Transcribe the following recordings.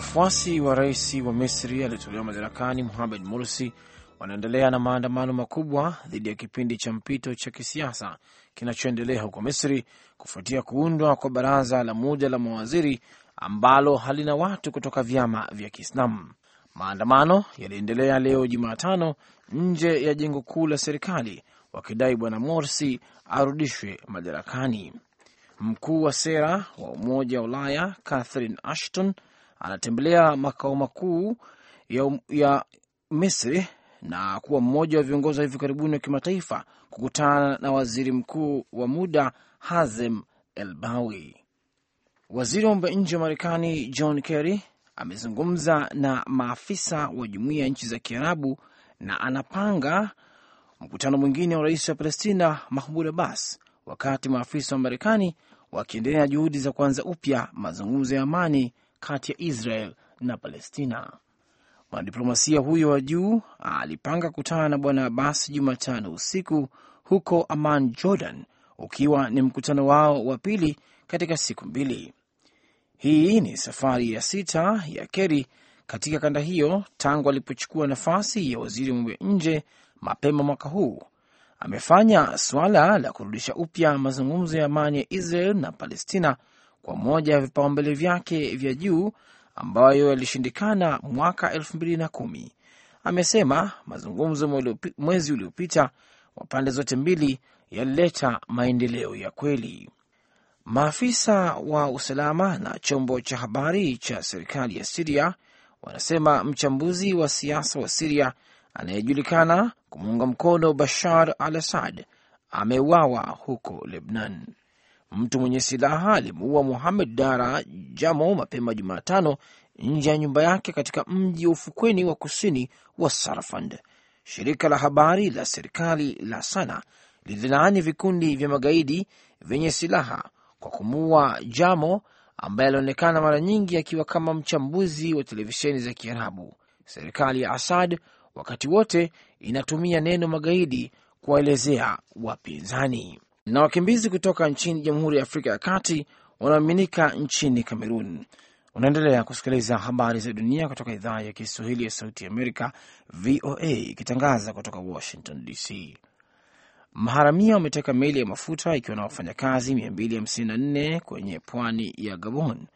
Wafuasi wa rais wa Misri aliyetolewa madarakani Mohamed Mursi wanaendelea na maandamano makubwa dhidi ya kipindi cha mpito cha kisiasa kinachoendelea huko Misri kufuatia kuundwa kwa baraza la muda la mawaziri ambalo halina watu kutoka vyama vya Kiislamu. Maandamano yaliendelea leo Jumatano nje ya jengo kuu la serikali wakidai bwana Morsi arudishwe madarakani. Mkuu wa sera wa Umoja wa Ulaya Catherine Ashton anatembelea makao makuu ya, um, ya Misri na kuwa mmoja wa viongozi wa hivi karibuni wa kimataifa kukutana na waziri mkuu wa muda Hazem Elbawi. Waziri wa mambo ya nje wa Marekani John Kerry amezungumza na maafisa wa jumuiya ya nchi za Kiarabu na anapanga mkutano mwingine wa rais wa Palestina Mahmud Abbas, wakati maafisa wa Marekani wakiendelea juhudi za kuanza upya mazungumzo ya amani kati ya Israel na Palestina. Mwanadiplomasia huyo wa juu alipanga kutana na Bwana Abbas Jumatano usiku huko aman Jordan, ukiwa ni mkutano wao wa pili katika siku mbili. Hii ni safari ya sita ya Keri katika kanda hiyo tangu alipochukua nafasi ya waziri wa mambo ya nje mapema mwaka huu. Amefanya suala la kurudisha upya mazungumzo ya amani ya Israel na Palestina kwa moja ya vipaumbele vyake vya juu ambayo yalishindikana mwaka elfu mbili na kumi. Amesema mazungumzo mwezi uliopita wa pande zote mbili yalileta maendeleo ya kweli. Maafisa wa usalama na chombo cha habari cha serikali ya Siria wanasema mchambuzi wa siasa wa Siria anayejulikana kumuunga mkono Bashar al Assad ameuawa huko Lebnan. Mtu mwenye silaha alimuua Muhamed Dara Jamo mapema Jumatano nje ya nyumba yake katika mji wa ufukweni wa kusini wa Sarfand. Shirika la habari la serikali la Sana lililaani vikundi vya magaidi vyenye silaha kwa kumuua Jamo ambaye alionekana mara nyingi akiwa kama mchambuzi wa televisheni za Kiarabu. Serikali ya Asad wakati wote inatumia neno magaidi kuwaelezea wapinzani na wakimbizi kutoka nchini Jamhuri ya Afrika ya Kati wanaoaminika nchini Kamerun. Unaendelea kusikiliza habari za dunia kutoka idhaa ya Kiswahili ya Sauti Amerika, VOA, ikitangaza kutoka Washington DC. Maharamia wameteka meli ya mafuta ikiwa na wafanyakazi 254 kwenye pwani ya Gabon.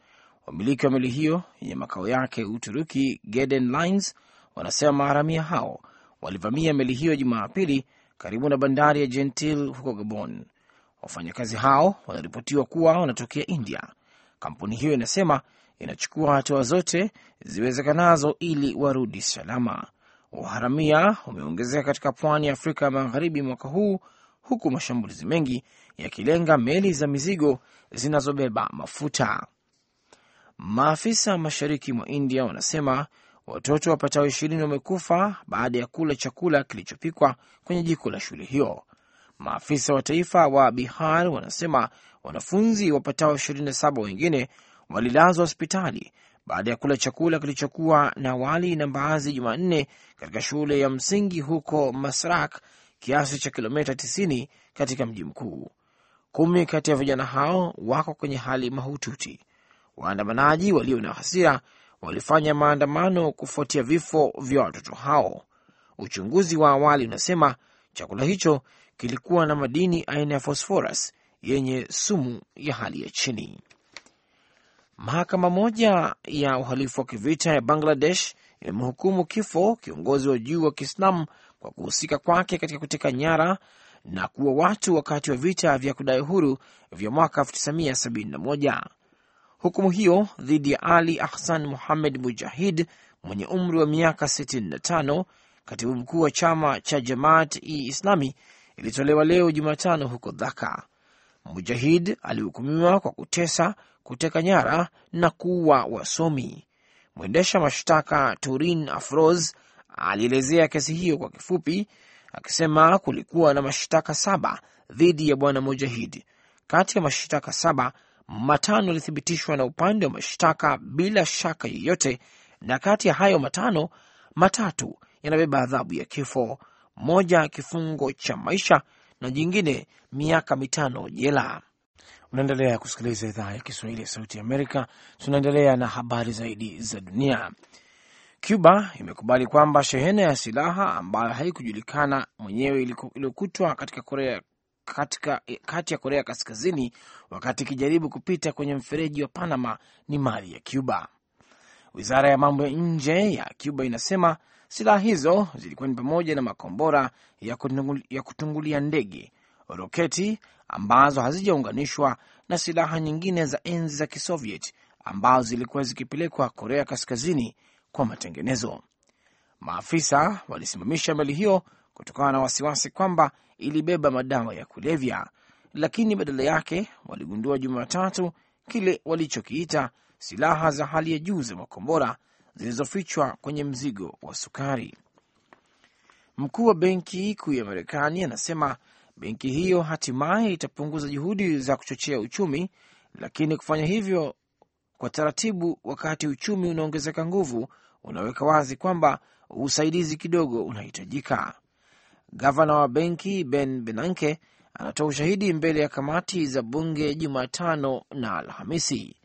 Wamiliki wa meli hiyo yenye makao yake Uturuki, Geden Lines, wanasema maharamia hao walivamia meli hiyo Jumapili karibu na bandari ya Gentil huko Gabon. Wafanyakazi hao wanaripotiwa kuwa wanatokea India. Kampuni hiyo inasema inachukua hatua zote ziwezekanazo ili warudi salama. Uharamia umeongezeka katika pwani ya Afrika Magharibi mwaka huu huku mashambulizi mengi yakilenga meli za mizigo zinazobeba mafuta. Maafisa mashariki mwa India wanasema watoto wapatao ishirini wamekufa baada ya kula chakula kilichopikwa kwenye jiko la shule hiyo Maafisa wa taifa wa Bihar wanasema wanafunzi wapatao 27 wengine walilazwa hospitali baada ya kula chakula kilichokuwa na wali na mbaazi Jumanne katika shule ya msingi huko Masrak, kiasi cha kilomita 90 katika mji mkuu. Kumi kati ya vijana hao wako kwenye hali mahututi. Waandamanaji walio na hasira walifanya maandamano kufuatia vifo vya watoto hao. Uchunguzi wa awali unasema chakula hicho kilikuwa na madini aina ya fosforus yenye sumu ya hali ya chini. Mahakama moja ya uhalifu wa kivita ya Bangladesh imemhukumu kifo kiongozi wa juu wa Kiislamu kwa kuhusika kwake katika kuteka nyara na kuwa watu wakati wa vita vya kudai uhuru vya mwaka 1971. Hukumu hiyo dhidi ya Ali Ahsan Muhamed Mujahid mwenye umri wa miaka 65, katibu mkuu wa chama cha Jamaat i Islami ilitolewa leo Jumatano huko Dhaka. Mujahid alihukumiwa kwa kutesa, kuteka nyara na kuua wasomi. Mwendesha mashtaka Turin Afroz alielezea kesi hiyo kwa kifupi, akisema kulikuwa na mashtaka saba dhidi ya bwana Mujahid. Kati ya mashtaka saba, matano yalithibitishwa na upande wa mashtaka bila shaka yoyote, na kati ya hayo matano, matatu yanabeba adhabu ya kifo moja kifungo cha maisha na jingine miaka mitano jela. Unaendelea kusikiliza idhaa ya Kiswahili ya Sauti Amerika. Tunaendelea na habari zaidi za dunia. Cuba imekubali kwamba shehena ya silaha ambayo haikujulikana mwenyewe iliyokutwa katika Korea katika, kati ya Korea Kaskazini wakati ikijaribu kupita kwenye mfereji wa Panama ni mali ya Cuba. Wizara ya mambo ya nje ya Cuba inasema Silaha hizo zilikuwa ni pamoja na makombora ya kutungulia ndege, roketi ambazo hazijaunganishwa na silaha nyingine za enzi za Kisoviet ambazo zilikuwa zikipelekwa Korea Kaskazini kwa matengenezo. Maafisa walisimamisha meli hiyo kutokana na wasiwasi kwamba ilibeba madawa ya kulevya, lakini badala yake waligundua Jumatatu kile walichokiita silaha za hali ya juu za makombora zilizofichwa kwenye mzigo wa sukari. Mkuu wa benki kuu ya Marekani anasema benki hiyo hatimaye itapunguza juhudi za kuchochea uchumi, lakini kufanya hivyo kwa taratibu, wakati uchumi unaongezeka nguvu, unaweka wazi kwamba usaidizi kidogo unahitajika. Gavana wa benki Ben Bernanke anatoa ushahidi mbele ya kamati za bunge Jumatano na Alhamisi.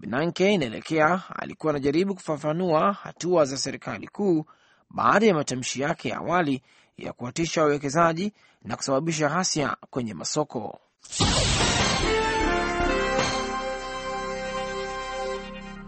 Bernanke inaelekea alikuwa anajaribu kufafanua hatua za serikali kuu baada ya matamshi yake ya awali ya kuwatisha wawekezaji na kusababisha ghasia kwenye masoko.